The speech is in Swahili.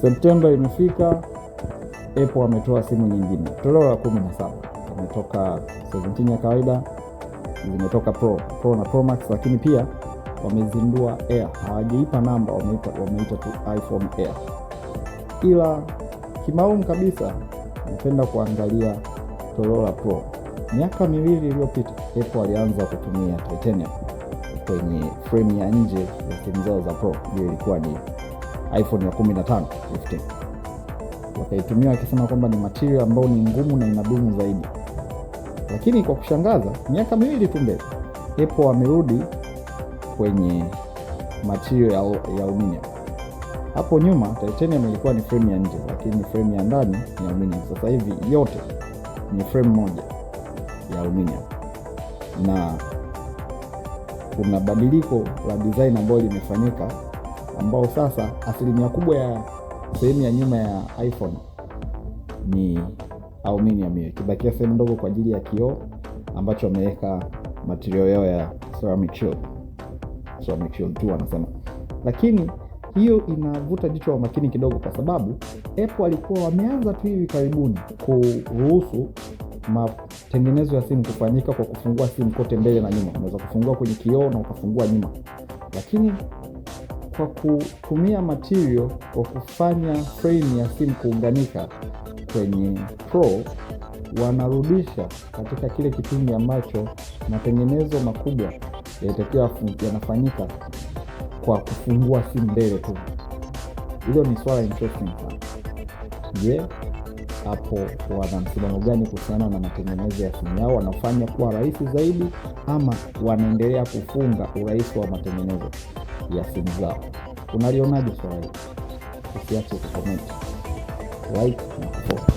Septemba imefika, Apple ametoa simu nyingine, toleo la 17 imetoka 17 ya kawaida, zimetoka Pro, Pro na Pro Max, lakini pia wamezindua Air. Hawajaipa namba, wameita wameita tu iPhone Air, ila kimaum kabisa napenda kuangalia toleo la Pro. Miaka miwili iliyopita Apple alianza kutumia titanium kwenye frame ya nje ya simu zao za Pro. Hiyo ilikuwa ni iPhone ya 15 wakaitumia wakisema kwamba ni material ambayo ni ngumu na inadumu zaidi, lakini kwa kushangaza, miaka miwili tu mbele Apple amerudi kwenye material ya aluminium. Hapo nyuma titanium ilikuwa ni frame ya nje, lakini frame ya ndani ni aluminium. Sasa hivi yote ni frame moja ya aluminium na kuna badiliko la design ambayo limefanyika ambao sasa asilimia kubwa ya sehemu ya nyuma ya iPhone ni aluminium hiyo, ikibakia sehemu ndogo kwa ajili ya kioo ambacho wameweka material yao ya ceramic shield, ceramic shield tu wanasema, lakini hiyo inavuta jicho la makini kidogo, kwa sababu Apple alikuwa wameanza tu hivi karibuni kuruhusu matengenezo ya simu kufanyika kwa kufungua simu kote mbele na nyuma. Unaweza kufungua kwenye kioo na ukafungua nyuma, lakini kwa kutumia material kwa kufanya frame ya simu kuunganika kwenye pro, wanarudisha katika kile kipindi ambacho matengenezo makubwa yatakiwa yanafanyika kwa kufungua simu mbele tu. Hilo ni swala interesting sana. Je, yeah hapo wana msimamo gani kuhusiana na matengenezo ya simu yao, wanafanya kuwa rahisi zaidi ama wanaendelea kufunga urahisi wa matengenezo ya simu zao. Unalionaje swala hili? Usiache kukomenti, like na kufollow.